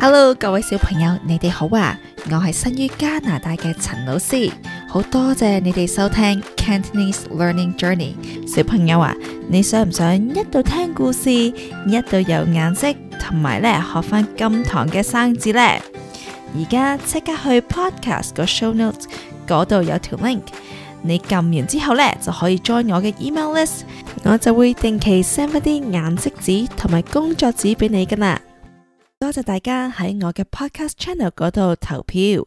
Hello，各位小朋友，你哋好啊！我係生於加拿大嘅陳老師，好多謝你哋收聽 Cantonese Learning Journey。小朋友啊，你想唔想一度聽故事，一度有顏色，同埋咧學翻今堂嘅生字呢？而家即刻去 Podcast 個 Show Notes 嗰度有條 link，你撳完之後咧就可以 join 我嘅 email list，我就會定期 send 一啲顏色紙同埋工作紙俾你噶啦。多謝大家喺我嘅 Podcast Channel 嗰度投票，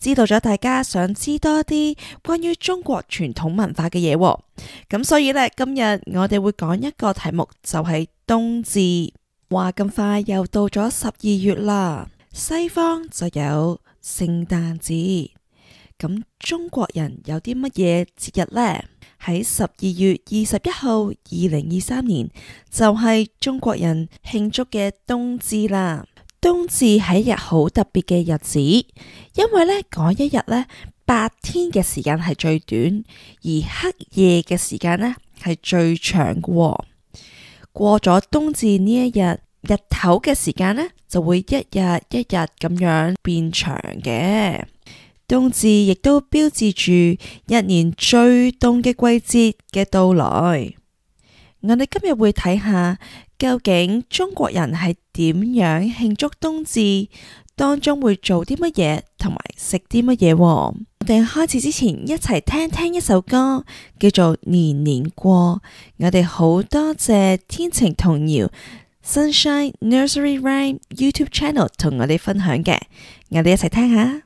知道咗大家想知多啲關於中國傳統文化嘅嘢，咁所以呢，今日我哋會講一個題目，就係冬至。話咁快又到咗十二月啦，西方就有聖誕節。咁中國人有啲乜嘢節日呢？喺十二月二十一號，二零二三年就係中國人慶祝嘅冬至啦。冬至係一日好特別嘅日子，因為呢嗰一日呢，白天嘅時間係最短，而黑夜嘅時間呢，係最長㗎喎。過咗冬至呢一日，日頭嘅時間呢，就會一日一日咁樣變長嘅。冬至亦都標誌住一年最凍嘅季節嘅到來。我哋今日會睇下究竟中國人係點樣慶祝冬至，當中會做啲乜嘢，同埋食啲乜嘢。我哋開始之前一齊聽聽一首歌，叫做《年年過》。我哋好多謝天晴童謠 Sunshine Nursery Rhyme YouTube Channel 同我哋分享嘅，我哋一齊聽下。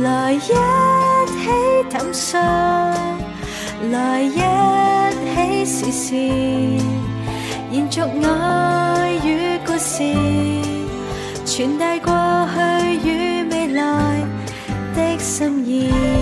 來一起探索，來一起試試，延續愛與故事，傳遞過去與未來的心意。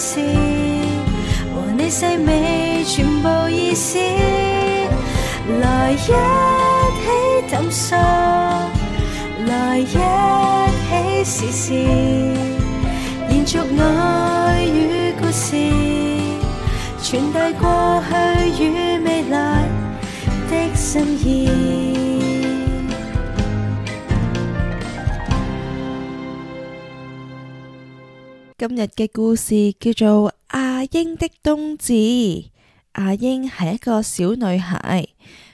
和你細味全部意思，來一起探索，來一起試試，延續愛與故事，傳遞過去與未來的心意。今日嘅故事叫做《阿英的冬至》。阿英係一個小女孩，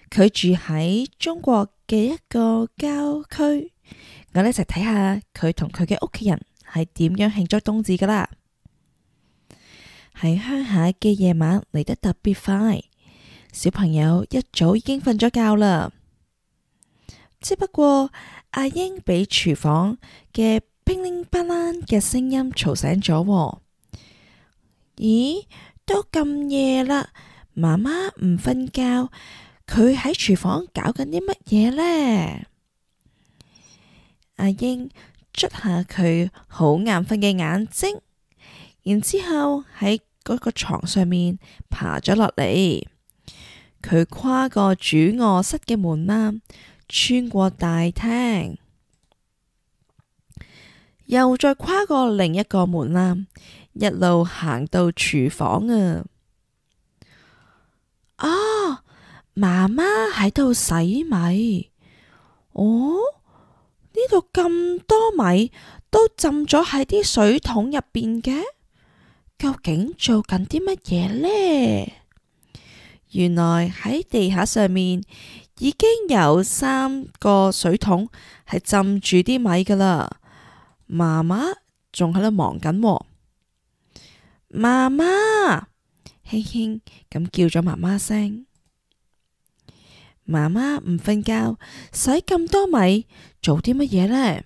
佢住喺中國嘅一個郊區。我哋一齊睇下佢同佢嘅屋企人係點樣慶祝冬至噶啦。喺鄉 下嘅夜晚嚟得特別快，小朋友一早已經瞓咗覺啦。只不過阿英俾廚房嘅。乒鈴吧啦嘅聲音吵醒咗喎。咦，都咁夜啦，媽媽唔瞓覺，佢喺廚房搞緊啲乜嘢呢？阿英捽下佢好眼瞓嘅眼睛，然之後喺嗰個床上面爬咗落嚟。佢跨過主臥室嘅門啦，穿過大廳。又再跨過另一個門啦，一路行到廚房啊。啊、哦，媽媽喺度洗米。哦，呢度咁多米都浸咗喺啲水桶入邊嘅，究竟做緊啲乜嘢呢？原來喺地下上，上面已經有三個水桶係浸住啲米噶啦。媽媽仲喺度忙緊、啊，媽媽輕輕咁叫咗媽媽聲。「媽媽唔瞓覺，洗咁多米做啲乜嘢呢？」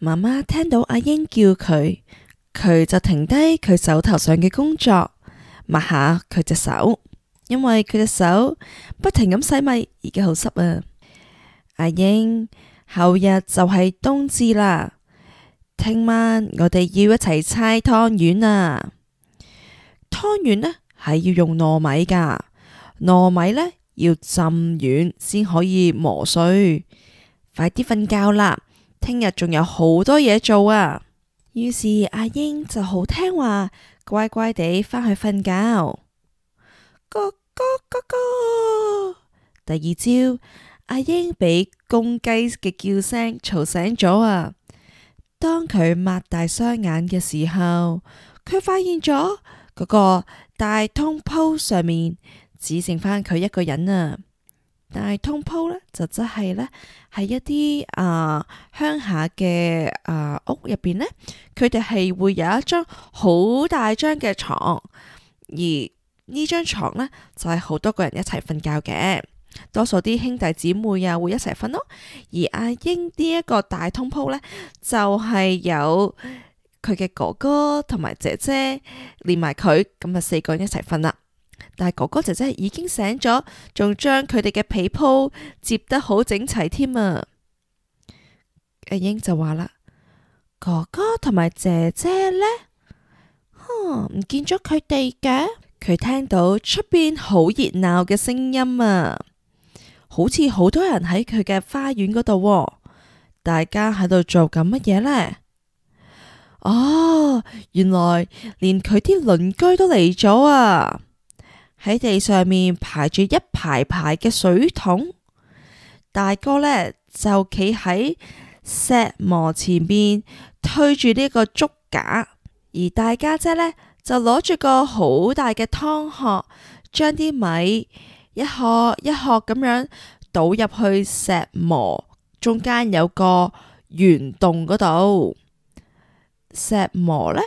媽媽聽到阿英叫佢，佢就停低佢手頭上嘅工作，抹下佢隻手，因為佢隻手不停咁洗米，而家好濕啊。阿英，後日就係冬至啦。聽晚我哋要一齊猜湯圓啊！湯圓呢係要用糯米㗎，糯米呢要浸軟先可以磨碎。快啲瞓覺啦，聽日仲有好多嘢做啊！於是阿英就好聽話，乖乖地返去瞓覺。咯咯咯咯，第二朝阿英俾公雞嘅叫聲吵醒咗啊！當佢擘大雙眼嘅時候，佢發現咗嗰個大通鋪上面只剩翻，佢一個人啊！大通鋪呢，就即係、呃呃、呢，喺一啲啊鄉下嘅屋入邊呢，佢哋係會有一張好大張嘅床，而呢張床呢，就係、是、好多個人一齊瞓覺嘅。多數啲兄弟姊妹啊，會一齊瞓咯。而阿英呢一個大通鋪呢，就係有佢嘅哥哥同埋姐姐，連埋佢咁啊，四個人一齊瞓啦。但係哥哥姐姐已經醒咗，仲將佢哋嘅被鋪摺得好整齊添啊。阿英就話啦：哥哥同埋姐姐呢？呵唔見咗佢哋嘅。佢聽到出邊好熱鬧嘅聲音啊！好似好多人喺佢嘅花園嗰度，大家喺度做緊乜嘢呢？哦，原來連佢啲鄰居都嚟咗啊！喺地上面排住一排排嘅水桶，大哥呢就企喺石磨前邊推住呢個竹架，而大家姐呢就攞住個好大嘅湯殼，將啲米。一殼一殼咁樣倒入去石磨中間有個圓洞嗰度，石磨呢，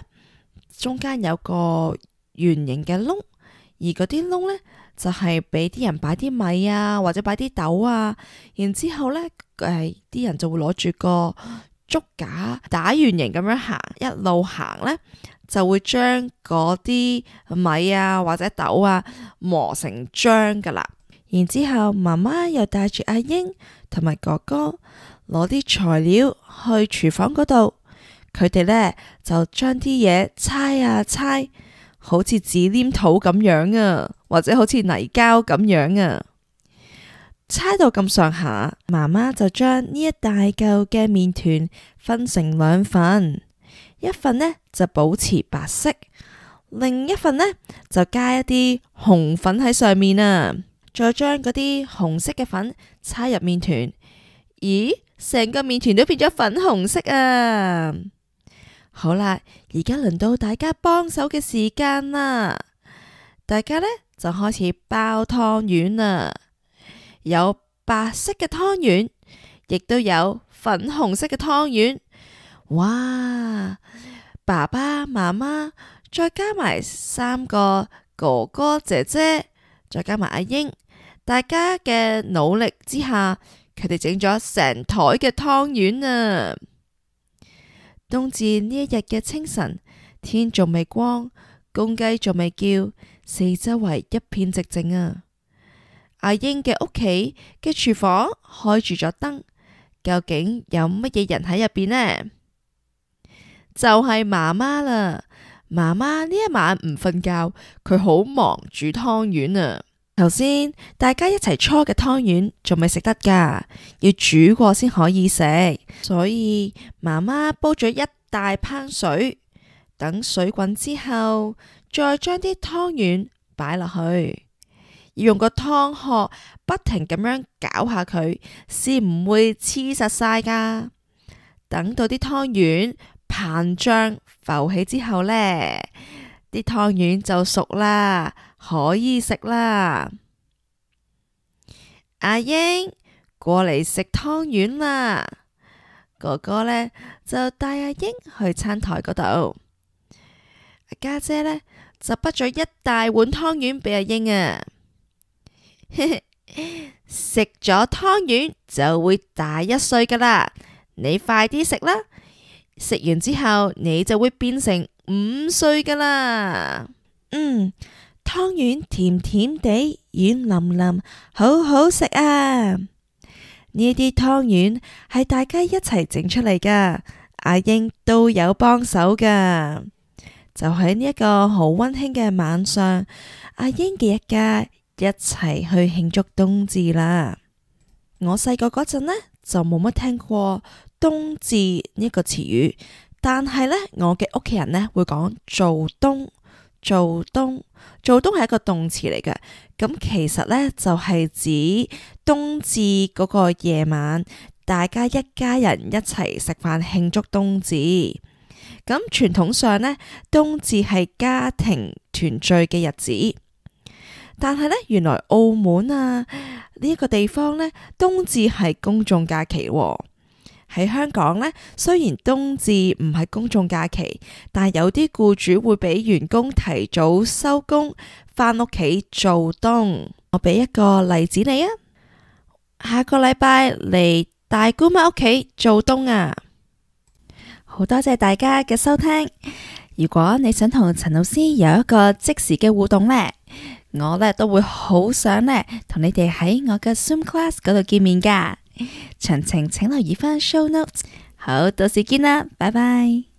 中間有個圓形嘅窿，而嗰啲窿呢，就係俾啲人擺啲米啊或者擺啲豆啊，然之後呢誒啲人就會攞住個。竹架，打圓形咁樣行，一路行呢，就會將嗰啲米啊或者豆啊磨成漿㗎喇。然之後媽媽又帶住阿英同埋哥哥攞啲材料去廚房嗰度，佢哋呢，就將啲嘢搓啊搓，好似紙黏土咁樣啊，或者好似泥膠咁樣啊。猜到咁上下，媽媽就將呢一大嚿嘅麵團分成兩份，一份呢就保持白色，另一份呢就加一啲紅粉喺上面啊。再將嗰啲紅色嘅粉差入麵團，咦，成個麵團都變咗粉紅色啊！好啦，而家輪到大家幫手嘅時間啦，大家呢就開始包湯圓啦。有白色嘅湯圓，亦都有粉紅色嘅湯圓。哇！爸爸、媽媽，再加埋三個哥哥姐姐，再加埋阿英，大家嘅努力之下，佢哋整咗成枱嘅湯圓啊！冬至呢一日嘅清晨，天仲未光，公雞仲未叫，四周圍一片寂靜啊！阿英嘅屋企嘅廚房開住咗燈，究竟有乜嘢人喺入邊呢？就係媽媽啦，媽媽呢一晚唔瞓覺，佢好忙煮湯圓啊。頭先大家一齊搓嘅湯圓仲未食得㗎，要煮過先可以食，所以媽媽煲咗一大盆水，等水滾之後，再將啲湯圓擺落去。要用個湯殼不停咁樣攪下佢，先唔會黐實晒噶。等到啲湯圓膨脹浮起之後呢，啲湯圓就熟啦，可以食啦。阿英過嚟食湯圓啦，哥哥呢就帶阿英去餐台嗰度，家姐呢就潷咗一大碗湯圓俾阿英啊。 食咗湯圓就會大一歲噶啦，你快啲食啦！食完之後你就會變成五歲噶啦。嗯，湯圓甜甜地、軟腍腍，好好食啊！呢啲湯圓係大家一齊整出嚟噶，阿英都有幫手噶。就喺呢一個好溫馨嘅晚上，阿英嘅一家。一齊去慶祝冬至啦！我細個嗰陣呢，就冇乜聽過冬至呢個詞語，但係呢，我嘅屋企人呢，會講做冬。做冬，做冬係一個動詞嚟嘅，咁其實呢，就係指冬至嗰個夜晚，大家一家人一齊食飯慶祝冬至。咁傳統上呢，冬至係家庭團聚嘅日子。但係呢，原來澳門啊呢一個地方呢，冬至係公眾假期喎。喺香港呢，雖然冬至唔係公眾假期，但係有啲僱主會俾員工提早收工，翻屋企做冬。我俾一個例子你啊，下個禮拜嚟大姑媽屋企做冬啊！好多謝大家嘅收聽。如果你想同陳老師有一個即時嘅互動呢。我呢都會好想呢同你哋喺我嘅 Zoom class 嗰度見面㗎，詳情請留意返 show notes。好，到時見啦，拜拜。